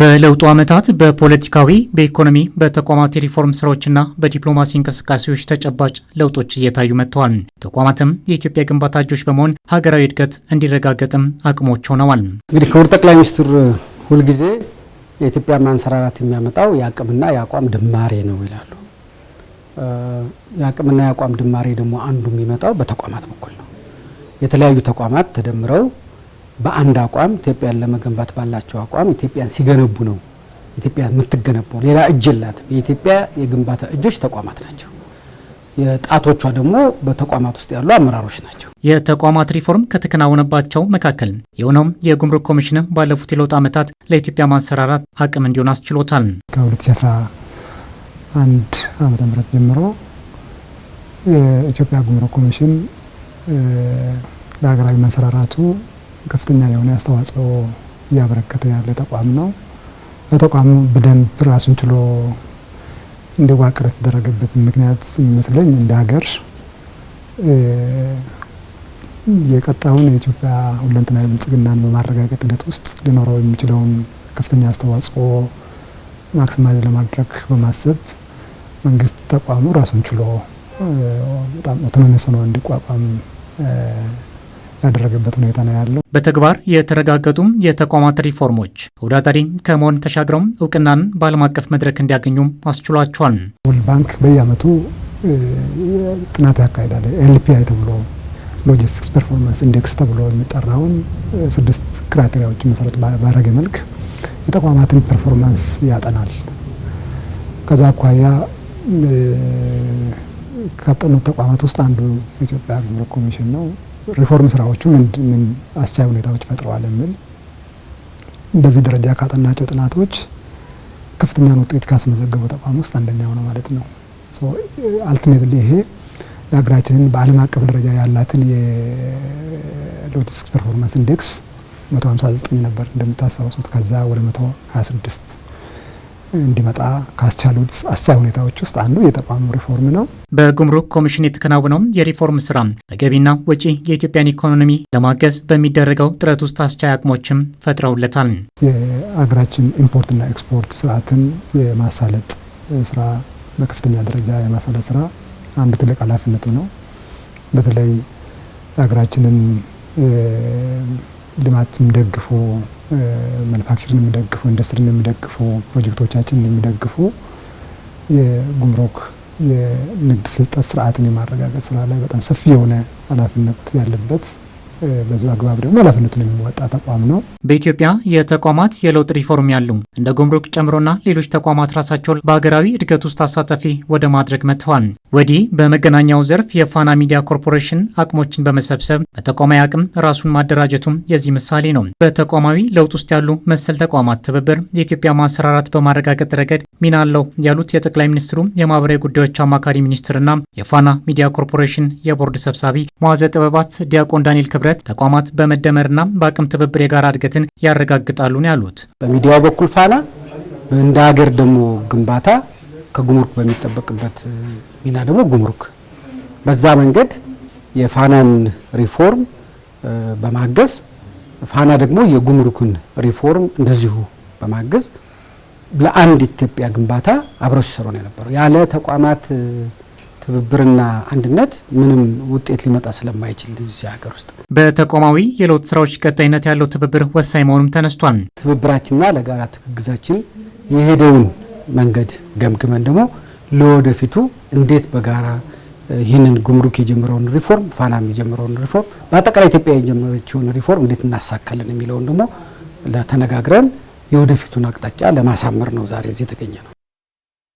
በለውጡ ዓመታት በፖለቲካዊ፣ በኢኮኖሚ፣ በተቋማት የሪፎርም ስራዎችና በዲፕሎማሲ እንቅስቃሴዎች ተጨባጭ ለውጦች እየታዩ መጥተዋል። ተቋማትም የኢትዮጵያ ግንባታ እጆች በመሆን ሀገራዊ እድገት እንዲረጋገጥም አቅሞች ሆነዋል። እንግዲህ ክቡር ጠቅላይ ሚኒስትር ሁልጊዜ የኢትዮጵያ ማንሰራራት የሚያመጣው የአቅምና የአቋም ድማሬ ነው ይላሉ። የአቅምና የአቋም ድማሬ ደግሞ አንዱ የሚመጣው በተቋማት በኩል ነው። የተለያዩ ተቋማት ተደምረው በአንድ አቋም ኢትዮጵያን ለመገንባት ባላቸው አቋም ኢትዮጵያን ሲገነቡ ነው ኢትዮጵያ የምትገነባው። ሌላ እጅ የላትም። የኢትዮጵያ የግንባታ እጆች ተቋማት ናቸው። የጣቶቿ ደግሞ በተቋማት ውስጥ ያሉ አመራሮች ናቸው። የተቋማት ሪፎርም ከተከናወነባቸው መካከል የሆነውም የጉምሩክ ኮሚሽን ባለፉት የለውጥ ዓመታት ለኢትዮጵያ ማንሰራራት አቅም እንዲሆን አስችሎታል። ከ2011 ዓ ም ጀምሮ የኢትዮጵያ ጉምሩክ ኮሚሽን ለሀገራዊ ማንሰራራቱ ከፍተኛ የሆነ አስተዋጽኦ እያበረከተ ያለ ተቋም ነው። ተቋሙ በደንብ ራሱን ችሎ እንዲዋቅር የተደረገበት ምክንያት የሚመስለኝ እንደ ሀገር የቀጣውን የኢትዮጵያ ሁለንተናዊ ብልጽግናን በማረጋገጥ ሂደት ውስጥ ሊኖረው የሚችለውን ከፍተኛ አስተዋጽኦ ማክሲማይዝ ለማድረግ በማሰብ መንግስት ተቋሙ ራሱን ችሎ በጣም ኦቶኖሚስ ሆኖ እንዲቋቋም ያደረገበት ሁኔታ ነው ያለው። በተግባር የተረጋገጡም የተቋማት ሪፎርሞች ተወዳዳሪ ከመሆን ተሻግረውም እውቅናን በዓለም አቀፍ መድረክ እንዲያገኙም አስችሏቸዋል። ወርልድ ባንክ በየዓመቱ ጥናት ያካሂዳል። ኤልፒአይ ተብሎ ሎጂስቲክስ ፐርፎርማንስ ኢንዴክስ ተብሎ የሚጠራውን ስድስት ክራይቴሪያዎች መሰረት ባረገ መልክ የተቋማትን ፐርፎርማንስ ያጠናል። ከዛ አኳያ ከጠኑት ተቋማት ውስጥ አንዱ የኢትዮጵያ ጉምሩክ ኮሚሽን ነው። ሪፎርም ስራዎቹ ምን አስቻይ ሁኔታዎች ፈጥረዋል የሚል በዚህ ደረጃ ካጠናቸው ጥናቶች ከፍተኛን ውጤት ካስመዘገቡ ተቋም ውስጥ አንደኛው ነው ማለት ነው። አልቲሜትሊ ይሄ የሀገራችንን በዓለም አቀፍ ደረጃ ያላትን የሎጂስቲክስ ፐርፎርማንስ ኢንዴክስ 159 ነበር እንደምታስታውሱት ከዛ ወደ 126 እንዲመጣ ካስቻሉት አስቻይ ሁኔታዎች ውስጥ አንዱ የተቋሙ ሪፎርም ነው። በጉምሩክ ኮሚሽን የተከናወነው የሪፎርም ስራ በገቢና ወጪ የኢትዮጵያን ኢኮኖሚ ለማገዝ በሚደረገው ጥረት ውስጥ አስቻይ አቅሞችም ፈጥረውለታል። የአገራችን ኢምፖርትና ኤክስፖርት ስርዓትን የማሳለጥ ስራ በከፍተኛ ደረጃ የማሳለጥ ስራ አንዱ ትልቅ ኃላፊነቱ ነው። በተለይ ሀገራችንን ልማት የሚደግፉ ማኑፋክቸርን የሚደግፉ ኢንዱስትሪን የሚደግፉ ፕሮጀክቶቻችን የሚደግፉ የጉምሩክ የንግድ ስልጠት ስርዓትን የማረጋገጥ ስራ ላይ በጣም ሰፊ የሆነ ኃላፊነት ያለበት በዚሁ አግባብ ደግሞ ኃላፊነቱን የሚወጣ ተቋም ነው። በኢትዮጵያ የተቋማት የለውጥ ሪፎርም ያሉ እንደ ጉምሩክ ጨምሮና ሌሎች ተቋማት ራሳቸውን በሀገራዊ እድገት ውስጥ አሳታፊ ወደ ማድረግ መጥተዋል። ወዲህ በመገናኛው ዘርፍ የፋና ሚዲያ ኮርፖሬሽን አቅሞችን በመሰብሰብ በተቋማዊ አቅም ራሱን ማደራጀቱም የዚህ ምሳሌ ነው። በተቋማዊ ለውጥ ውስጥ ያሉ መሰል ተቋማት ትብብር የኢትዮጵያ ማሰራራት በማረጋገጥ ረገድ ሚና አለው ያሉት የጠቅላይ ሚኒስትሩ የማህበራዊ ጉዳዮች አማካሪ ሚኒስትርና የፋና ሚዲያ ኮርፖሬሽን የቦርድ ሰብሳቢ መዋዘ ጥበባት ዲያቆን ዳንኤል ክብረ ህብረት ተቋማት በመደመርና በአቅም ትብብር የጋራ እድገትን ያረጋግጣሉ ነው ያሉት። በሚዲያው በኩል ፋና፣ እንደ ሀገር ደግሞ ግንባታ ከጉምሩክ በሚጠበቅበት ሚና ደግሞ ጉምሩክ በዛ መንገድ የፋናን ሪፎርም በማገዝ ፋና ደግሞ የጉምሩክን ሪፎርም እንደዚሁ በማገዝ ለአንድ ኢትዮጵያ ግንባታ አብረው ሲሰሩ ነው የነበረው ያለ ተቋማት ትብብርና አንድነት ምንም ውጤት ሊመጣ ስለማይችል እዚህ ሀገር ውስጥ በተቋማዊ የለውጥ ስራዎች ቀጣይነት ያለው ትብብር ወሳኝ መሆኑም ተነስቷል። ትብብራችንና ለጋራ ትግግዛችን የሄደውን መንገድ ገምግመን ደግሞ ለወደፊቱ እንዴት በጋራ ይህንን ጉምሩክ የጀመረውን ሪፎርም፣ ፋናም የጀመረውን ሪፎርም፣ በአጠቃላይ ኢትዮጵያ የጀመረችውን ሪፎርም እንዴት እናሳካለን የሚለውን ደግሞ ለተነጋግረን የወደፊቱን አቅጣጫ ለማሳመር ነው ዛሬ እዚህ የተገኘ ነው።